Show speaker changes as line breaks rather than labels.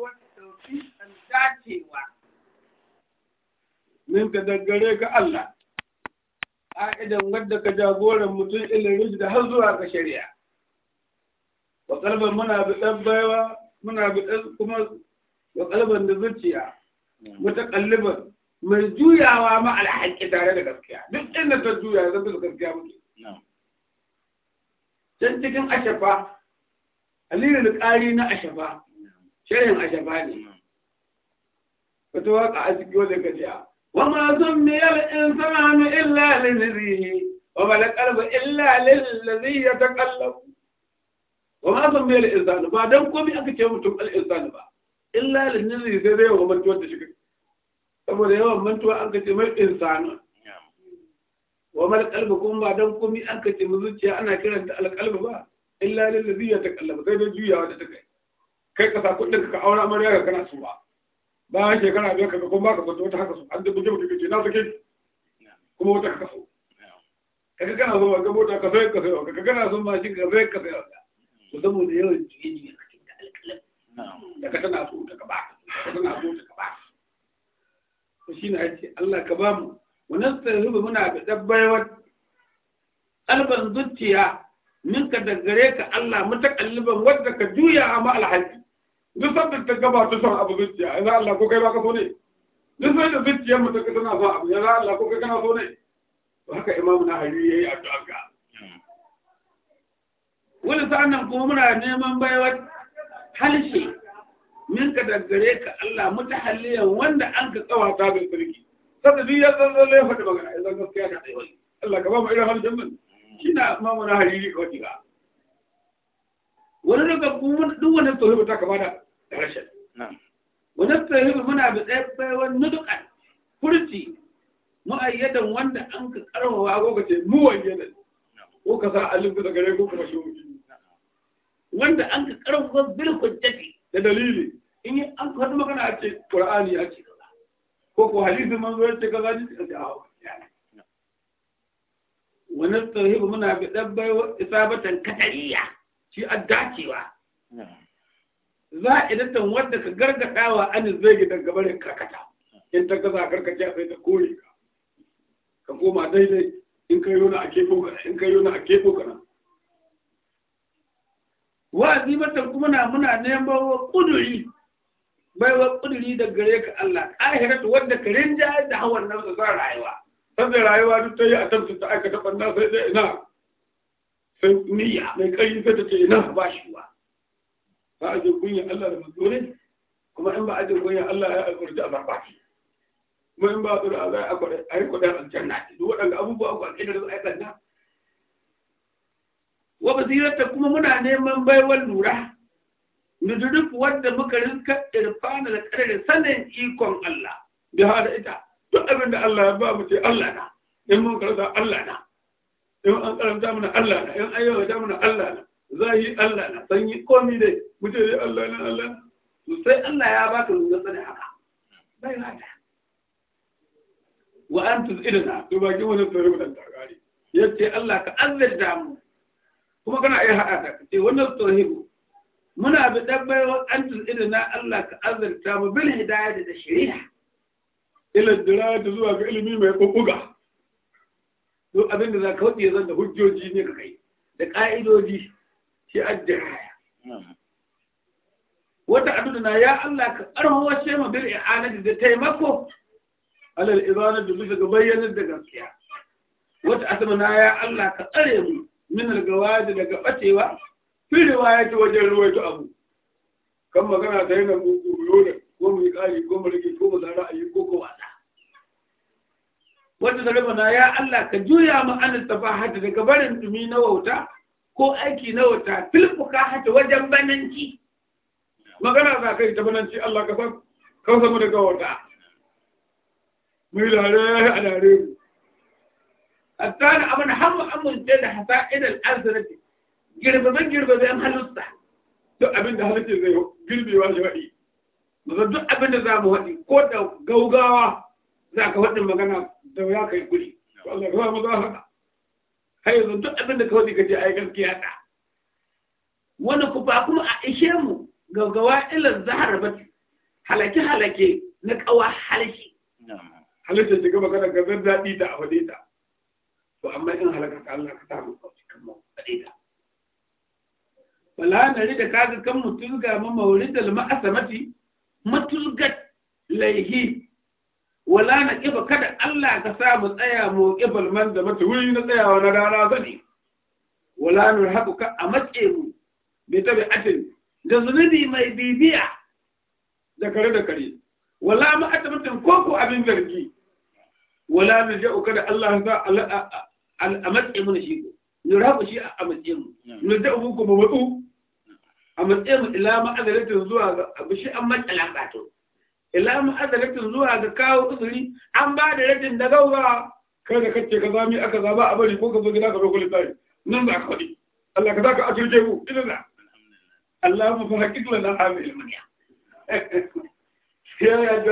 wadda ɗauki an dacewa minka daggare ga Allah ƙa'idan wadda ka jagoran mutum ilin da har zuwa ga shari'a wa kalban muna biɗan baiwa muna biɗan kuma wa kalban da zuciya kalliban mai juyawa ma alhaƙi tare da gaskiya duk inda ta juya zan bisa gaskiya muke can cikin ashafa da ƙari na ashafa shirin shafa ne wata waka a cikin wanda ka wa ma zan miyar hannu illa lilzihi wa ma laqalbu illa ta yataqallabu wa ma zan miyar insanu ba don komi aka ce mutum al insanu ba illa lilzi sai dai wa mantuwa da shi saboda yawan mantuwa an kace mai insanu wa ma laqalbu kuma ba don komi an kace mu zuciya ana kiranta alƙalba ba illa ta yataqallabu sai dai juyawa da kai. kai ka sa kuɗin ka aure amarya ga kana suwa bayan shekara biyar kaga kuma baka kwanta wata haka su an dubu jibu ce na sake kuma wata haka su kaga kana so ga mota ka sai ka sai kaga kana so mashin ka sai ka sai to saboda yawan jiye ka cikin alƙalam daga tana so ta ka ba daga tana so ta ka ba to shine ya ce Allah ka ba mu wannan tsarrubu muna da dabbaiwar alban zuciya minka da gare ka Allah mutakalliban wadda ka juya ma alhaji duk sanda ta gaba ta son abu zuciya ya za Allah ko kai ba ka so ne duk sanda zuciyar mutum ka tana son abu ya za Allah ko kai kana so ne to haka imamu na hari yi addu'a ga wani sa'annan kuma muna neman baiwar halshe min ka daggare ka Allah mutahalliyan wanda an ka tsawata bil sarki sanda duk ya zanzan ya faɗi magana ya zanzan gaskiya ka tsaye Allah ka ba mu irin halshen mun shi na imamu na hari yayi addu'a wani daga duk wani tsohibu ta kama da rashin wani tsohibu muna bi tsaye tsayawar nudukan mu mu'ayyadan wanda an ka karfafa ko ka ce muwayyadan ko ka sa alif da gare ko kuma shi wanda an ka karfafa bil hujjati da dalili in yi an ka magana a ce qur'ani ya ce kaza ko ko hadisi manzo ya ce kaza ah, ne a ce a wani tsohibu muna bi ɗabbai isabatan katariya shi a dacewa za a idatan wanda ka wa anin zai gabar ya karkata in ta gaza karkace sai ta kore ka ka koma daidai in ka yona a kefo ka in ka a kefo kana wa'azi mata kuma na muna neman wa ƙuduri, bai wa ƙuduri da gare ka Allah ahiratu wanda ka rinja da hawan nan sa rayuwa sannan rayuwa duk ta yi a tantu ta aikata ɓanna sai dai ina فنية من كي يفتت إله باشوا بعد يقول الله المدوني وما إن بعد يقول الله أقول جامع باشي وما إن بعد يقول الله أقول أيكو دار الجنة دور الأبو بو أقول إن الله أقول نعم وبزيرة كم من عن من بير والنورة ندرك ود مكرزك إرفان لك إرفان سنة إيكون الله بهذا إذا تؤمن الله بابتي الله نعم إن من كرزا الله نعم in an karanta mana Allah na in an yawaita mana Allah na zahi Allah na yi komi dai mutum dai Allah na Allah na to sai Allah ya baka lura sani haka bai rata wa an tuzidna to baki wani tsoro da tagari yace Allah ka azzarta mu kuma kana iya hada ta ce wannan tsohibu muna bi dabbai wa an tuzidna Allah ka azzarta mu bil hidayah da shari'a ila dirayat zuwa ga ilimi mai kokuga duk abin da za ka wadda ya zan da hujjoji ne ka kai da ƙa'idoji shi adda wata na ya Allah ka ƙarfafa wace ma bil i'anati da taimako alal ibana da bisa ga bayyanar da gaskiya wata na ya Allah ka tsare mu min algawadi daga bacewa firewa ci wajen ruwaito abu kan magana ta yana gugu yoda ko mu yi ƙari ko mu rage ko mu zara ayi ko ko wasa wanda zalimana ya Allah ka juya mu an tafahata daga barin dumi na wauta ko aiki na wauta tilfuka hata wajen bananci magana za ka yi ta bananci Allah ka san ka samu daga wauta mu lare a lare mu hatta da abin har mu amince da hasa'id al-azrati girbe girbabe an halitta duk abin da halitta zai girbewa shi waɗi mu duk abin da za mu waɗi ko da gaugawa za ka wannan magana da ya kai kuri Allah ka mu da har yanzu duk abin da kawai kace ai gaskiya da wani ku ba kuma a ishe mu ga gawailan zahar ba halake halake na kawa halshi halitta shiga magana ga zan daɗi da awade ta to amma in halaka ka Allah ka samu kauci kan mu daɗi da wala na rida kaga kan mutulga ma mauridal ma'asamati matulgat laihi wala na ƙiba kada Allah ka sa mu tsaya mu ƙibal man da mata wuri na tsayawa na rana zane wala na haku ka a matse mu bi tabi'atin da zunubi mai bibiya da kare da kare wala ma atamatin koko abin zargi wala na ja'u da Allah za a matse mu na shi ko nu rabu shi a matse mu nu da'u ko mu matsu a matse mu ila ma'azalatin zuwa ga abu shi an matsalan bato illa mu azalatin zuwa ga kawo uzuri an ba da rajin da gauwa kai da kace ka zami aka zaba a bari ko ka zo gida ka bai kullu tsari nan za ka faɗi Allah ka zaka asirje mu idan da Allahumma fa hakikla na amil ya ya